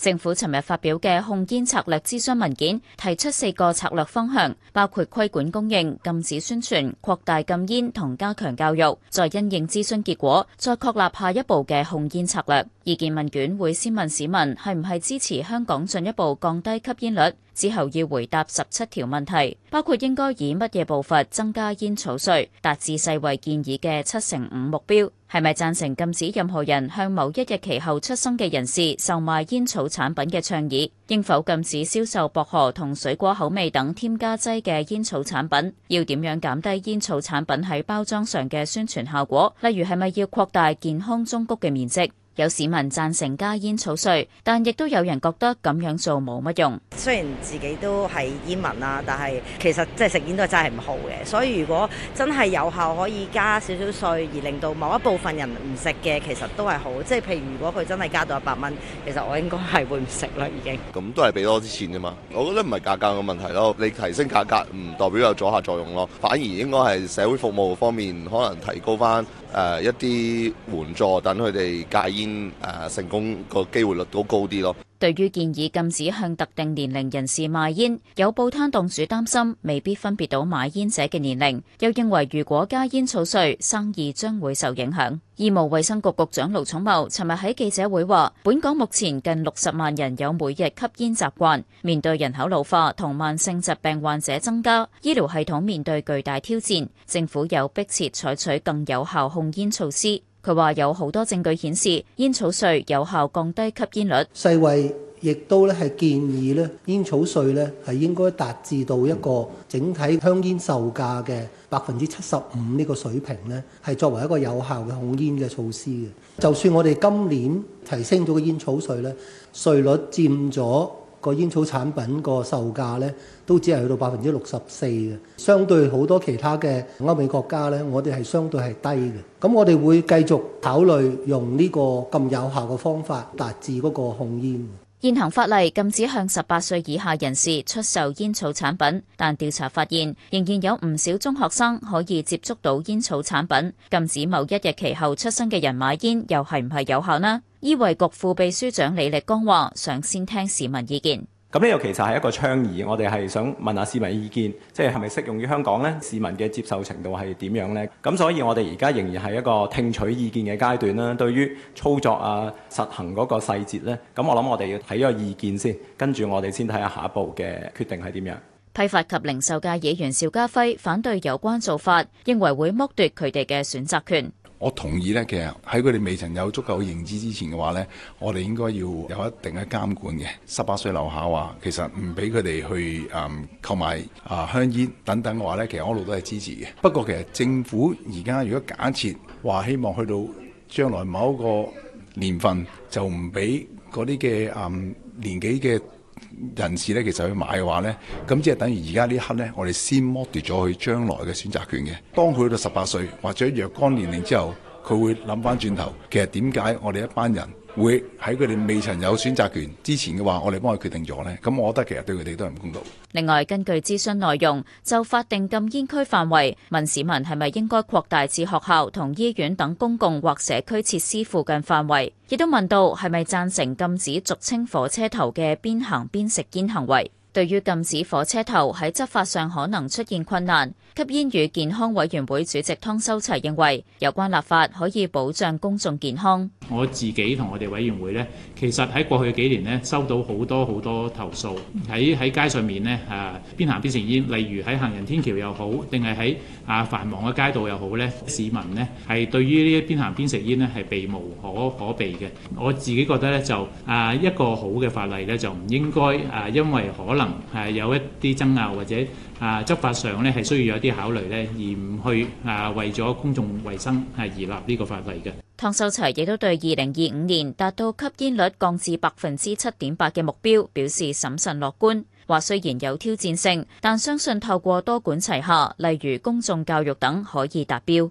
政府尋日發表嘅控煙策略諮詢文件提出四個策略方向，包括規管供應、禁止宣傳、擴大禁煙同加強教育。再因應諮詢結果，再確立下一步嘅控煙策略。意見問卷會先問市民係唔係支持香港進一步降低吸煙率，之後要回答十七條問題，包括應該以乜嘢步伐增加煙草稅，達至世衞建議嘅七成五目標。係咪讚成禁止任何人向某一日期後出生嘅人士售賣煙草產品嘅倡議？應否禁止銷售薄荷同水果口味等添加劑嘅煙草產品？要點樣減低煙草產品喺包裝上嘅宣傳效果？例如係咪要擴大健康忠告嘅面積？有市民贊成加煙草稅，但亦都有人覺得咁樣做冇乜用。雖然自己都係煙民啊，但係其實即係食煙都係真係唔好嘅。所以如果真係有效可以加少少稅，而令到某一部分人唔食嘅，其實都係好。即係譬如如果佢真係加到一百蚊，其實我應該係會唔食啦。已經咁都係俾多啲錢啫嘛。我覺得唔係價格嘅問題咯。你提升價格唔代表有阻嚇作用咯，反而應該係社會服務方面可能提高返誒一啲援助，等佢哋戒煙。成功個機會率都高啲咯。對於建議禁止向特定年齡人士賣煙，有報攤檔主擔心未必分別到買煙者嘅年齡，又認為如果加煙草稅，生意將會受影響。醫務衛生局局長盧寵茂尋日喺記者會話，本港目前近六十萬人有每日吸煙習慣，面對人口老化同慢性疾病患者增加，醫療系統面對巨大挑戰，政府有迫切採取更有效控煙措施。佢話有好多證據顯示煙草稅有效降低吸煙率。世衞亦都咧係建議咧煙草稅咧係應該達至到一個整體香煙售價嘅百分之七十五呢個水平咧，係作為一個有效嘅控煙嘅措施嘅。就算我哋今年提升咗個煙草稅咧，稅率佔咗。個煙草產品個售價咧，都只係去到百分之六十四嘅，相對好多其他嘅歐美國家咧，我哋係相對係低嘅。咁我哋會繼續考慮用呢個咁有效嘅方法達至嗰個控煙。現行法例禁止向十八歲以下人士出售煙草產品，但調查發現仍然有唔少中學生可以接觸到煙草產品。禁止某一日期後出生嘅人買煙，又係唔係有效呢？醫衛局副秘書長李力剛話，想先聽市民意見。咁呢個其實係一個倡議，我哋係想問下市民意見，即係係咪適用於香港呢？市民嘅接受程度係點樣呢？咁所以我哋而家仍然係一個聽取意見嘅階段啦。對於操作啊、實行嗰個細節呢，咁我諗我哋要睇個意見先，跟住我哋先睇下下一步嘅決定係點樣。批發及零售界議員邵家輝反對有關做法，認為會剝奪佢哋嘅選擇權。我同意呢，其實喺佢哋未曾有足夠認知之前嘅話呢，我哋應該要有一定嘅監管嘅。十八歲樓下話，其實唔俾佢哋去誒、嗯、購買啊香煙等等嘅話呢，其實我一路都係支持嘅。不過其實政府而家如果假設話希望去到將來某一個年份就唔俾嗰啲嘅誒年紀嘅。人士咧，其實去買嘅話呢，咁即係等於而家呢一刻呢，我哋先剝奪咗佢將來嘅選擇權嘅。當佢去到十八歲或者若干年齡之後，佢會諗翻轉頭，其實點解我哋一班人，會喺佢哋未曾有選擇權之前嘅話，我哋幫佢決定咗呢。咁我覺得其實對佢哋都係唔公道。另外，根據諮詢內容，就法定禁煙區範圍問市民係咪應該擴大至學校同醫院等公共或社區設施附近範圍，亦都問到係咪贊成禁止俗稱火車頭嘅邊行邊食煙行為。對於禁止火車頭喺執法上可能出現困難，吸煙與健康委員會主席湯修齊認為，有關立法可以保障公眾健康。我自己同我哋委員會呢，其實喺過去幾年呢，收到好多好多投訴，喺喺街上面呢，啊，邊行邊食煙。例如喺行人天橋又好，定係喺啊繁忙嘅街道又好呢，市民呢係對於呢邊行邊食煙呢係避無可可避嘅。我自己覺得呢，就啊一個好嘅法例呢，就唔應該啊因為可能係有一啲爭拗或者啊執法上呢係需要有啲考慮呢，而唔去啊為咗公眾衞生係而立呢個法例嘅。湯秀齊亦都對二零二五年達到吸煙率降至百分之七點八嘅目標表示審慎樂觀，話雖然有挑戰性，但相信透過多管齊下，例如公眾教育等，可以達標。